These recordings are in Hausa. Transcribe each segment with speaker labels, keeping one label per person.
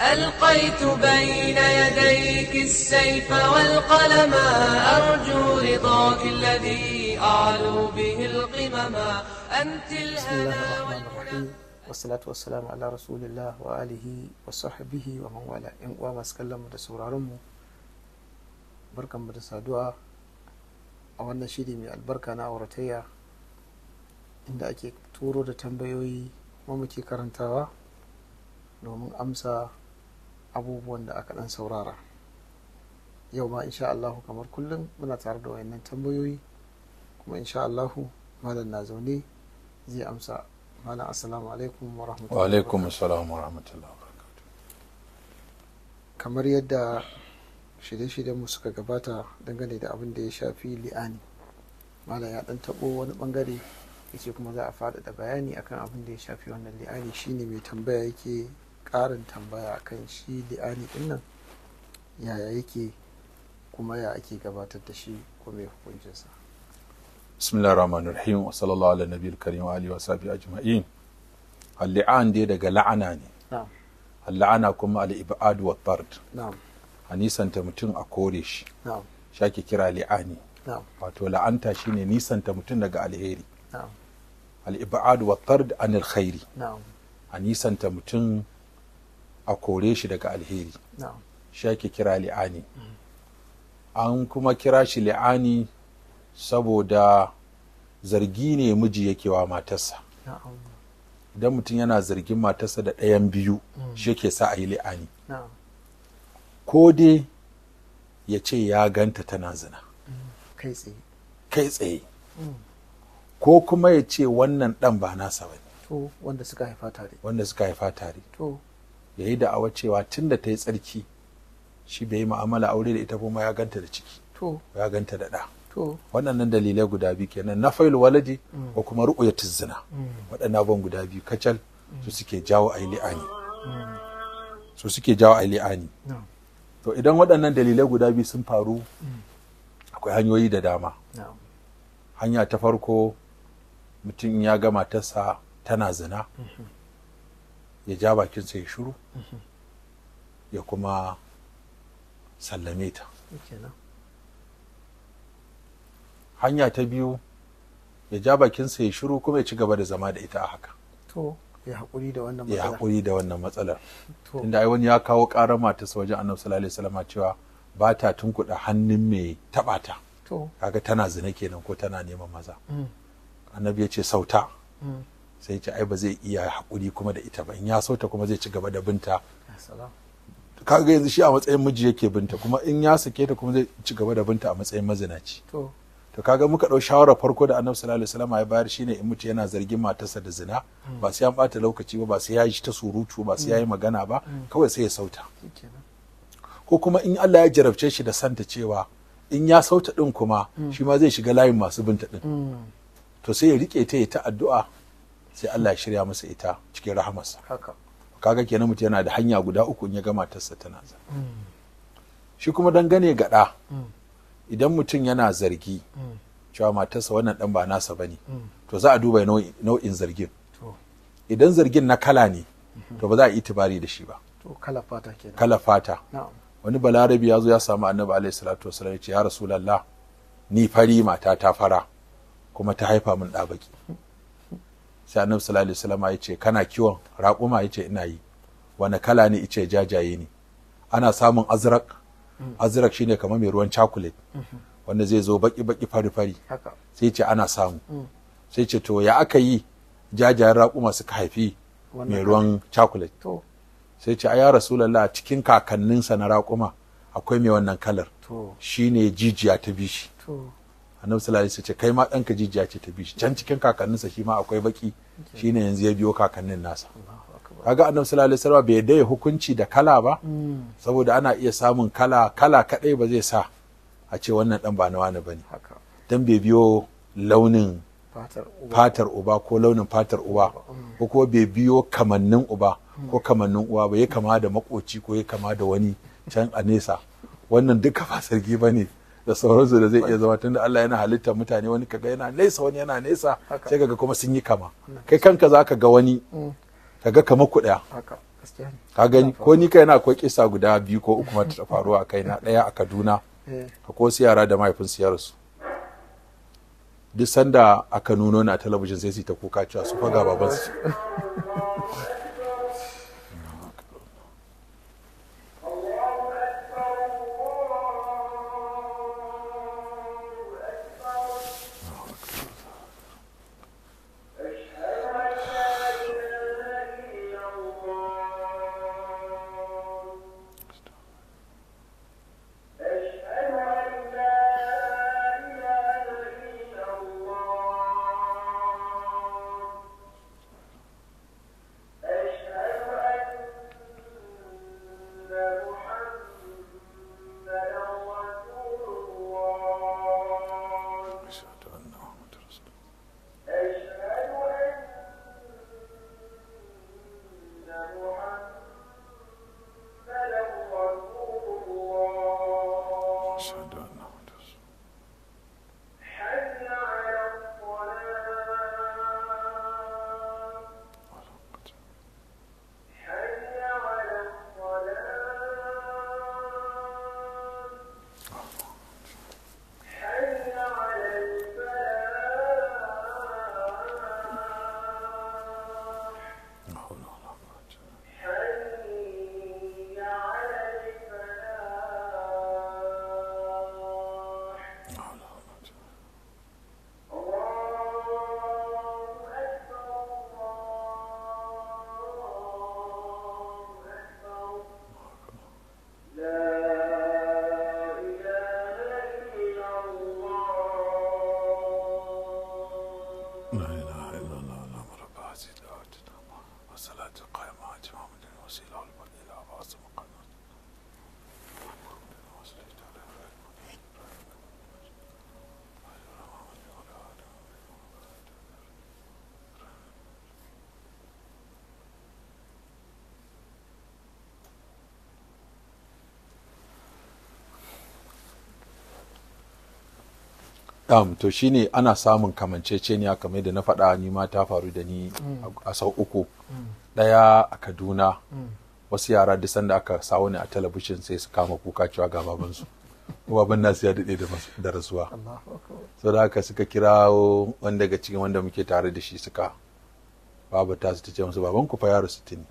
Speaker 1: ألقيت بين يديك السيف والقلم أرجو رضاك الذي أعلو به القمم أنت
Speaker 2: الهنا
Speaker 1: والهنا والصلاة والسلام على رسول الله وآله وصحبه ومن والاه إن وما سكلم من رمو بركة من أو أن شيري من البركة ناورة إن أكيك تورو دا تنبيوي ومتي كارنتاوا نومن أمسا abubuwan da aka ɗan saurara yau ma insha Allahu kamar kullum muna tare da wayannan tambayoyi kuma insha Allahu malam na zaune zai amsa malam assalamu alaikum wa rahmatullahi wa alaikum kamar yadda shirye-shiryen mu suka gabata dangane da abin da ya shafi li'ani malam ya dan tabo wani bangare yace kuma za a faɗaɗa bayani akan abin da ya shafi wannan li'ani shine mai tambaya yake ƙarin tambaya kan shi li'ani ɗin nan yaya yake kuma ya ake gabatar da shi kuma ya hukuncinsa
Speaker 3: bismillah rahman rahim wa sallallahu ala nabiyil karim wa alihi wa sahbihi ajma'in al-li'an dai daga la'ana ne al-la'ana kuma al-ib'ad wa tard a nisanta mutum a kore shi shi kira li'ani wato la'anta shine nisanta mutum daga alheri al-ib'ad wa tard anil khairi a nisanta mutum a kore shi daga alheri shi ake kira li'ani an kuma kira shi li'ani saboda zargi ne miji yake wa matarsa idan mutum yana zargin matarsa da ɗayan biyu mm. shi yake sa a yi li'ani ko dai ya ce ya ganta tana zina mm. kai tsaye mm. ko kuma ya ce wannan ɗan ba nasa ba wanda wanda suka haifa tare ya yi awa cewa tun da ta yi tsarki shi bai yi mu'amala aure da ita kuma ya ganta da ciki ya ganta da ɗa waɗannan dalilai guda biyu kenan na failu waladi ko mm. kuma ru'uya tuzzina. Mm. waɗannan abubuwan guda biyu kacal mm. su suke jawo a li'ani su suke jawo a li'ani to idan waɗannan dalilai guda biyu sun faru akwai hanyoyi da dama hanya ta farko mutum ya ga matarsa tana zina mm-hmm. ya ja bakinsa ya shiru ya kuma sallame ta hanya ta biyu ya ja bakinsa ya shiru kuma ya ci gaba da zama da ita a haka
Speaker 1: ya haƙuri da
Speaker 3: wannan matsalar ya da wannan ai wani ya kawo ƙarar matarsa wajen annabi sallallahu alaihi wasallam cewa ba ta tunkuɗa hannun mai taɓa ta kaga tana zina kenan ko tana neman maza mm. annabi ya ce sauta mm. sai ce ai ba zai iya haƙuri kuma da ita ba in ya sauta kuma zai ci gaba da binta kaga yanzu shi a matsayin miji yake binta kuma in ya sake ta kuma zai ci gaba da binta a matsayin mazinaci to to kaga muka ɗau shawarar farko da annabi sallallahu alaihi wasallam ya bayar shine in mutu yana zargin matarsa da zina mm. ba sai an bata lokaci ba ba sai ya yi ta surutu ba sai ya yi mm. magana ba mm. kawai sai ya sauta ko kuma in Allah ya jarabce shi da santa cewa in ya sauta din kuma shi ma zai shiga layin masu binta din to sai ya rike ta ya ta addu'a sai Allah ya shirya masa ita cikin rahamarsa kaga kenan mutum yana da hanya guda uku in ya gama tassa tana mm. shi kuma dangane ga ɗa mm. idan mutum yana zargi mm. cewa matarsa wannan dan ba nasa ba to za a duba nau'in zargin idan zargin na kala ne mm-hmm. to ba za a yi tibari da shi ba
Speaker 1: kala fata kenan
Speaker 3: kala fata wani balarabi ya zo ya samu annabi alaihi salatu wasallam ya ce ya rasulullah ni fari mata ta fara kuma ta haifa min ɗa baki sai annabi sallallahu alaihi wasallam ya kana kiwon raƙuma ya ce ina yi wani kala ne ice jajaye ne ana samun azrak azrak shine kamar mai ruwan chocolate wanda zai zo baki baki fari fari sai yace ana samu mm. sai yace to ya aka yi jajayen raƙuma suka haifi
Speaker 2: mai ruwan
Speaker 3: chocolate sai yace a ya rasulallah cikin kakanninsa na raƙuma akwai mai wannan kalar shine jijiya ta bishi annabi sallallahu alaihi ce kai ma ɗanka jijiya ce ta bi shi can cikin sa shi ma akwai baki shine yanzu ya biyo kakannin nasa kaga annabi sallallahu alaihi wasallam bai dai hukunci da kala ba mm. saboda ana iya samun kala kala kadai ba zai sa a ce wannan dan ba na wani bane dan bai biyo launin fatar uba ko launin fatar uba mm. ko kuma bai biyo kamannin uba mm. ko kamannin uwa ba ya kama da makoci ko ya kama da wani can a nesa wannan duka ba sarki bane da sauransu da zai iya zama tunda Allah yana halitta mutane wani kaga yana nesa wani yana nesa sai kaga kuma sun yi kama kai kanka za ka ga wani mm. kaga kama ku daya ka gani ko ni kai na akwai kisa guda biyu ko uku mata ta faru a kaina daya a Kaduna eh. ko su yara da mahaifin su yarsu duk sanda aka nuno na talabijin sai su ta kuka cewa su faga baban su um, to shi ne ana samun kamanceceniya kamar da na faɗa ni ma ta faru da ni a sau uku ɗaya a kaduna wasu yara da sanda aka sawo ne a talabishin sai su kama kuka cewa ga babansu baban nasu ya daɗe da rasuwa so da haka suka kira wanda daga cikin wanda muke tare da shi suka babu ta su ta musu baban ku fa yaro tuni.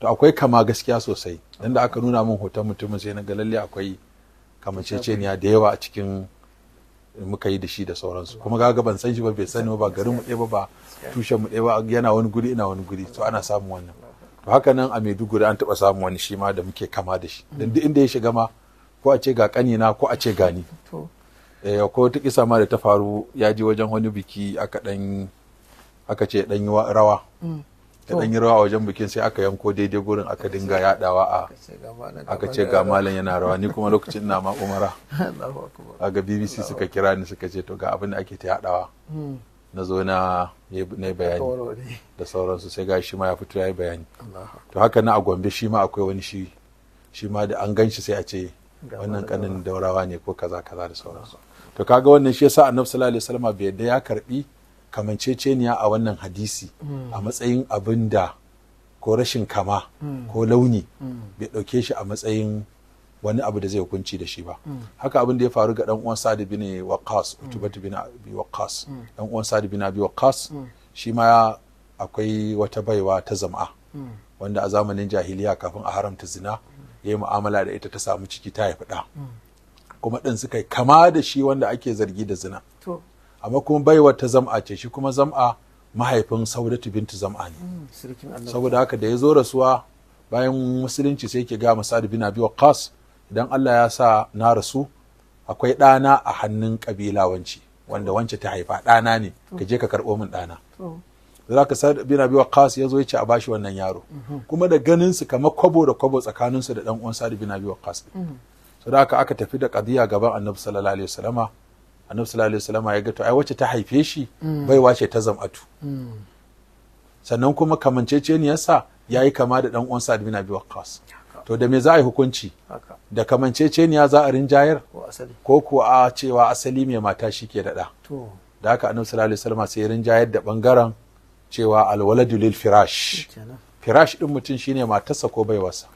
Speaker 3: to akwai kama gaskiya sosai dan da aka nuna min hoton mutumin sai na ga lalle akwai kamanceceniya da yawa a cikin muka yi da shi da sauransu kuma ga ban san shi ba bai sani ba garin mu ɗaya ba ba tushen mu ɗaya ba yana wani guri ina wani guri to ana samun wannan to haka nan a Maiduguri an taɓa samun wani shi ma da muke kama da shi dan duk inda ya shiga ma ko a ce ga kanina ko a ce gani eh ko ta kisa ma da ta faru ya je wajen wani biki aka dan aka ce dan rawa mm. ta dan yi rawa wajen bikin sai aka yanko daidai gurin aka dinga yadawa a aka ce ga malam yana rawa ni kuma lokacin ina ma umara a ga bbc suka kira ni suka ce to ga abin da ake ta yadawa na zo na na bayani da sauransu sai ga shi ma ya fito ya yi bayani to haka na a gombe shi ma akwai wani shi shi ma da an gan shi sai a ce wannan kanin daurawa ne ko kaza kaza da sauransu to kaga wannan shi yasa annabi sallallahu alaihi wasallam bai yadda ya karbi kamanceceniya a wannan hadisi hmm. a matsayin abin da ko rashin kama hmm. ko launi hmm. bai ɗauke shi a matsayin wani abu da zai hukunci da shi ba haka abin da ya faru ga dan uwan sadi bin waqas Utbah bin Abi waqas dan uwan sadi bin Abi waqas shi ma akwai wata baiwa ta zama wanda a zamanin jahiliya kafin a haramta zina yayi mu'amala da ita ta samu ciki ta haifi da kuma din suka kama da shi wanda ake zargi da zina amma kuma baiwar ta zam'a ce shi kuma zam'a mahaifin saudatu bintu zam'a ne
Speaker 2: hmm, saboda haka
Speaker 3: da ya zo rasuwa bayan musulunci sai ke ga musadu bin abi waqas idan Allah ya sa na rasu akwai ɗana a hannun ƙabilawanci wanda wance ta haifa ɗana ne ka je ka karɓo min ɗana za ka sa bin abi waqas ya zo ya ce a bashi wannan yaro mhm. kuma da ganin su kamar kwabo da kwabo tsakaninsu da ɗan uwan sa bin abi waqas mhm. saboda da aka tafi da qadiya gaban annabi sallallahu alaihi wasallama annabi sallallahu alaihi wasallam ya ga to ai wacce ta haife shi Bai ce ta zam'atu sannan kuma kamanceceniyarsa ya yi kama da dan uwansa admin abi waqas to da me za a yi hukunci da kamanceceniya za a rinjayar ko kuwa a cewa asali mai mata shi ke daɗa da haka annabi sallallahu alaihi wasallam sai rinjayar da bangaren cewa alwaladu lil firash firash din mutum shine matarsa ko baiwarsa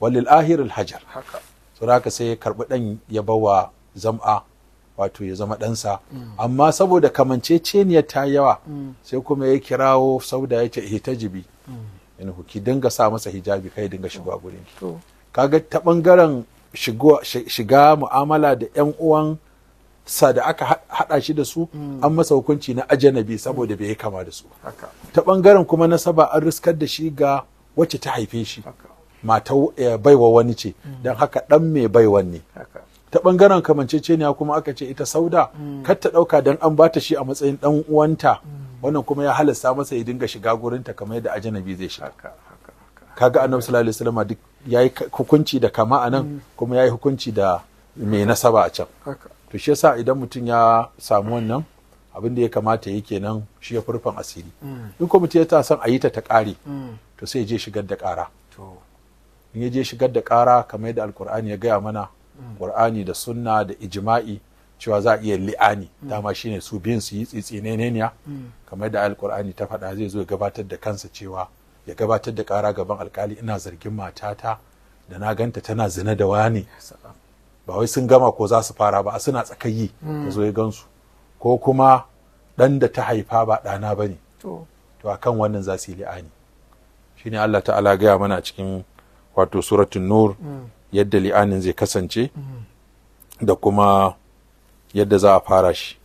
Speaker 3: walil ahirul hajar so haka sai ya karbi dan ya bawa zam'a wato ya zama ɗansa amma saboda kamanceceniyar ta yawa sai kuma ya kirawo sauda ya ce eh, jibi. in ki dinga sa masa hijabi kai dinga shiga gurin ki kaga ta bangaren shiga mu'amala da yan uwan sa da aka hada shi da su an masa hukunci na ajanabi saboda bai kama da su ta bangaren kuma nasaba an riskar da shi ga wacce ta haife shi mata eh, baiwa wani ce don haka dan mai baiwan ne ta bangaren kamanceceniya kuma aka ce ita sauda mm. kar ta dauka dan an bata shi a matsayin dan uwanta mm. wannan kuma ya halasta masa ya dinga shiga gurinta kamar yadda ajanabi zai shiga kaga annabi sallallahu alaihi wasallam duk yayi hukunci da kama a nan mm. kuma yayi hukunci da mai nasaba a can to shi yasa idan mutum ya samu wannan abin da ya kamata yake nan shi ya furfan asiri in ko mutum ya son a yi ta ta kare to sai ya je shigar da kara in ya je shigar da kara kamar yadda alkur'ani ya gaya mana qur'ani da sunna da ijma'i cewa za a iya li'ani dama shine su biyun su yi tsitsi ne kamar da alqur'ani ta faɗa zai zo ya gabatar da kansa cewa ya gabatar da ƙara gaban alkali ina zargin matata da na ganta tana zina da wani ba wai sun gama ko za su fara ba suna tsakayi ya zo ya gansu ko kuma ɗan da ta haifa ba ɗana ba ne to a kan wannan za su yi li'ani shine Allah ta'ala gaya mana cikin wato suratun nur mm. yadda li'anin zai kasance mm-hmm. da kuma yadda za a fara shi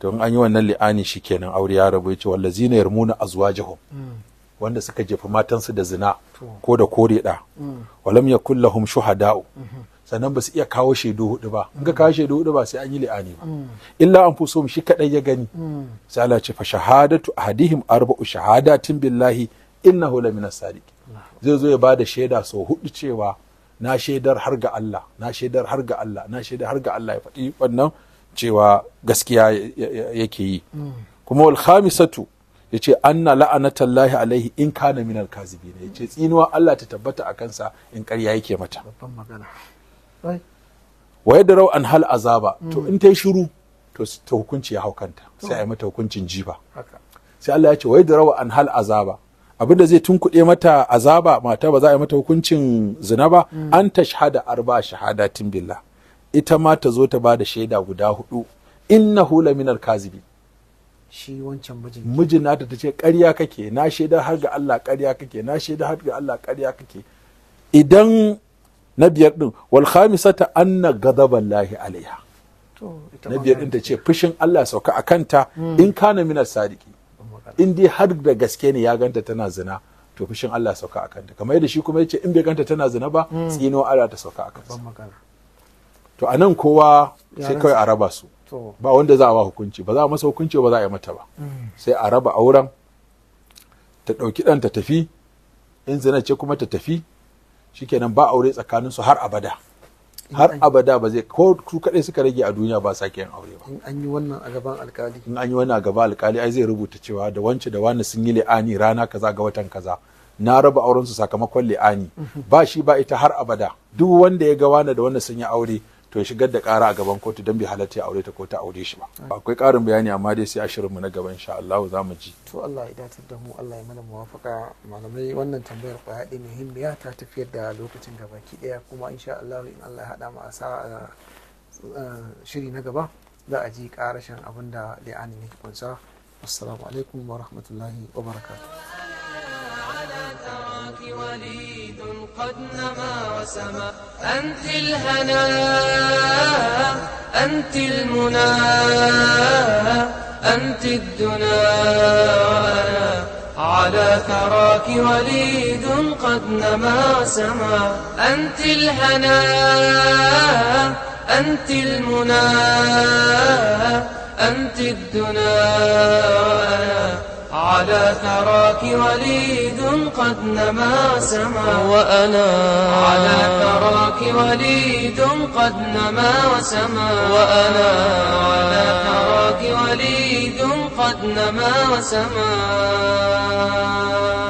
Speaker 3: don an yi wannan li'ani shi kenan aure ya rabu yace a yarmuna azwajahum mm. wanda suka jefa matansu da zina ko da kore da mm. walam ya kulla hum shuhada'u mm-hmm. sannan ba su iya kawo shaidu hudu ba in ka kawo shaidu hudu ba sai an yi li'ani ba mm. illa an fuso shi kaɗai ya gani sai Allah ce fa shahadatu ahadihim arba'u shahadatin billahi innahu lamina sadiq zai zo ya bada shaida sau hudu cewa na shaidar har ga Allah na shaidar har ga Allah na shaidar har ga Allah ya faɗi wannan cewa gaskiya yake yi kuma wal khamisatu yace anna la'anatallahi alaihi in kana minal kazibin yace tsinuwa Allah ta tabbata a kansa in ƙarya yake mata wa da rau an hal azaba mm. to in ta shiru to ta hukunci ya haukanta sai a mata hukuncin jifa sai Allah ya ce wa da rau an hal azaba abinda zai tunkuɗe mata azaba mata ba za a yi mata hukuncin zina ba an ta shahada arba shahadatin billah ita ma ta zo ta bada shaida guda hudu hula minar kazibi shi wancan mijin mijin nata ta ce ƙarya kake na shaida har ga Allah ƙarya kake na shaida har ga Allah ƙarya kake idan na biyar din wal khamisata anna ghadaban lahi alaiha na biyar din ta ce fushin Allah sauka akanta hmm. in kana minar sadiqi in dai har da gaske ne ya ganta tana zina to fushin Allah sauka akan ta kamar yadda shi kuma yace in bai ganta tana zina ba hmm. tsino Allah ta sauka akan ta to anan kowa sai kawai a raba su ba wanda za a ba hukunci ba za a masa hukunci ba za a yi mata ba hmm. sai a raba auren ta ɗauki ɗan tafi in zina ce kuma ta tafi shikenan ba aure tsakanin su har abada har abada ba zai ko su kadai suka rage a duniya ba sake yin aure ba in
Speaker 1: an yi wannan a gaban alkali
Speaker 3: in an yi wannan a gaban alkali ai zai rubuta cewa da wance da wani sun yi li'ani rana kaza ga watan kaza na raba auren su sakamakon li'ani mhm. ba shi ba ita har abada duk wanda ya ga wani da wani sun yi aure to ya shigar da kara a gaban kotu don bai halatta ya aure ta ko ta aure shi ba akwai karin bayani amma dai sai shirin mu na gaban insha Allah za mu ji to Allah ya datar
Speaker 1: da mu Allah ya mana muwafaka malamai wannan tambayar kwaya mai muhimmiya ta tafiyar da lokacin gaba ki daya kuma insha Allah in Allah ya hada mu a sa shiri na gaba za a ji karashin abin da ya yake kunsa assalamu alaikum wa rahmatullahi wa barakatuh عنك وليد قد نما وسما أنت الهنا أنت المنى أنت الدنا وأنا على ثراك وليد قد نما وسما أنت الهنا أنت المنى أنت الدنا وأنا على ثراك وليد قد نما سما وأنا على ثراك وليد قد نما سما وأنا على ثراك وليد قد نما
Speaker 2: سما